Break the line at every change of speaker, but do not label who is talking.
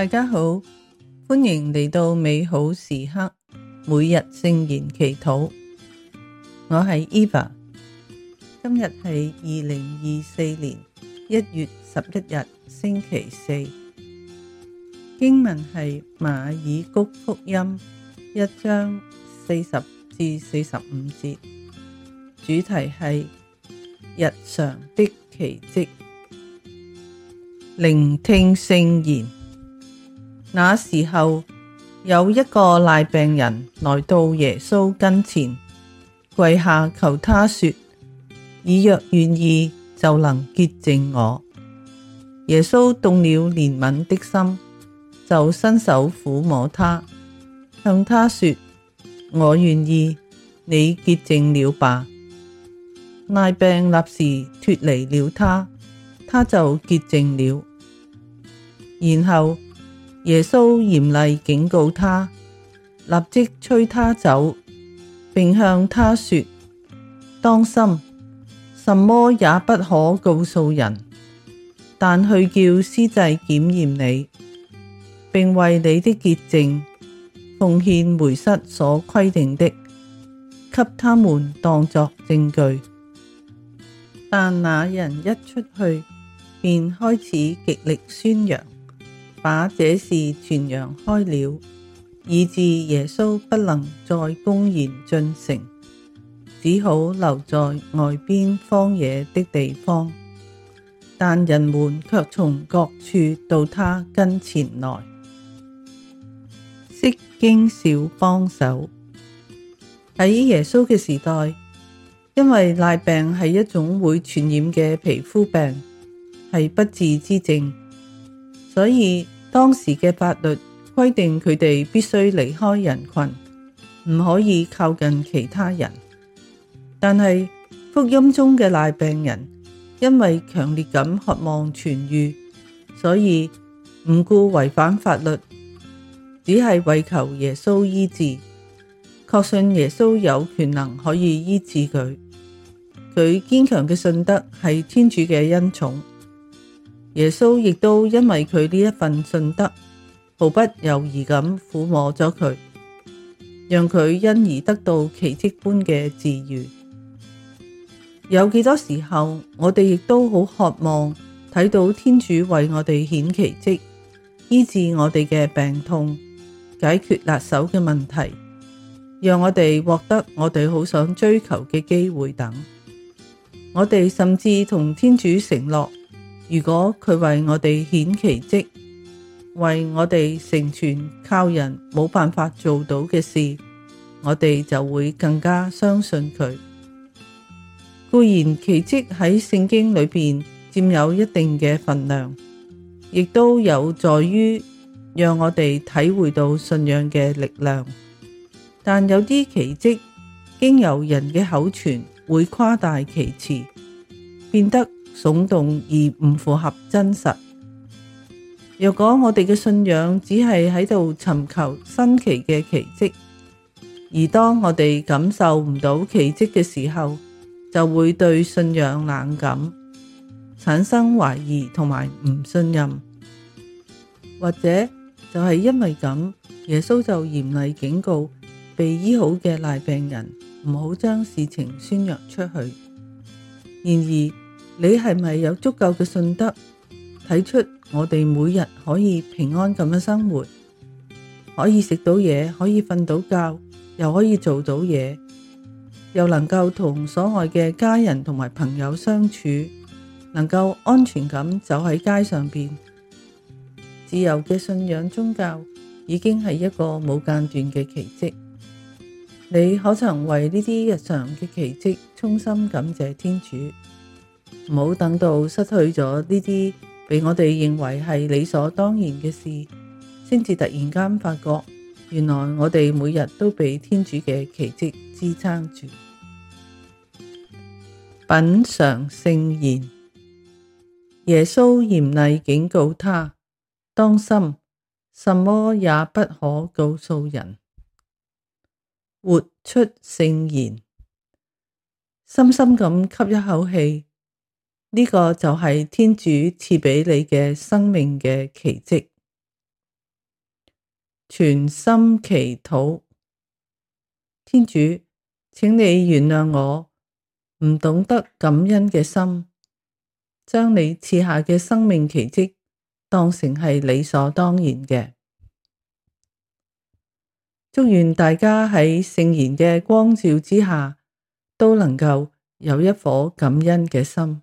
大家好，歡迎嚟到美好時刻，每日聖言祈禱。我係 Eva，今日係二零二四年一月十一日星期四。經文係馬爾谷福音一章四十至四十五節，主題係日常的奇蹟。聆聽聖言。那時候，有一個癩病人來到耶穌跟前，跪下求他說：禰若願意，就能潔淨我。耶穌動了憐憫的心，就伸手撫摸他，向他說：我願意，你潔淨了罷。癩病立時脫離了他，他就潔淨了。然後。耶穌嚴厲警告他，立即催他走，並向他說：“當心，什麼也不可告訴人，但去叫司祭檢驗你，並為你的潔淨奉獻梅瑟所規定的，給他們當作證據。”但那人一出去，便開始極力宣揚。把這事傳揚開了，以致耶穌不能再公然進城，只好留在外邊荒野的地方。但人們卻從各處到他跟前來。釋經小幫手。喺耶穌嘅時代，因為癩病係一種會傳染嘅皮膚病，係不治之症。所以當時嘅法律規定佢哋必須離開人群，唔可以靠近其他人。但係福音中嘅癩病人，因為強烈咁渴望痊癒，所以唔顧違反法律，只係為求耶穌醫治，確信耶穌有權能可以醫治佢。佢堅強嘅信德係天主嘅恩寵。耶穌亦都因為佢呢一份信德，毫不猶豫咁撫摸咗佢，讓佢因而得到奇蹟般嘅治癒。有幾多時候，我哋亦都好渴望睇到天主為我哋顯奇蹟，醫治我哋嘅病痛，解決辣手嘅問題，讓我哋獲得我哋好想追求嘅機會等。我哋甚至同天主承諾。如果佢為我哋顯奇蹟，為我哋成全靠人冇辦法做到嘅事，我哋就會更加相信佢。固然奇蹟喺聖經裏邊佔有一定嘅份量，亦都有助於讓我哋體會到信仰嘅力量。但有啲奇蹟經由人嘅口傳，會誇大其詞，變得……聳動而唔符合真實。若果我哋嘅信仰只係喺度尋求新奇嘅奇蹟，而當我哋感受唔到奇蹟嘅時候，就會對信仰冷感，產生懷疑同埋唔信任，或者就係因為咁，耶穌就嚴厲警告被醫好嘅癩病人唔好將事情宣揚出去。然而。你係咪有足夠嘅信德睇出，我哋每日可以平安咁樣生活，可以食到嘢，可以瞓到覺，又可以做到嘢，又能夠同所愛嘅家人同埋朋友相處，能夠安全咁走喺街上邊，自由嘅信仰宗教已經係一個冇間斷嘅奇蹟？你可曾為呢啲日常嘅奇蹟，衷心感謝天主？唔好等到失去咗呢啲被我哋認為係理所當然嘅事，先至突然間發覺，原來我哋每日都被天主嘅奇蹟支撐住。品嘗聖言，耶穌嚴厲警告他：當心，什麼也不可告訴人。活出聖言，深深咁吸一口氣。呢個就係天主賜畀你嘅生命嘅奇蹟。全心祈禱，天主，請你原諒我唔懂得感恩嘅心，將你賜下嘅生命奇蹟當成係理所當然嘅。祝願大家喺聖言嘅光照之下，都能夠有一顆感恩嘅心。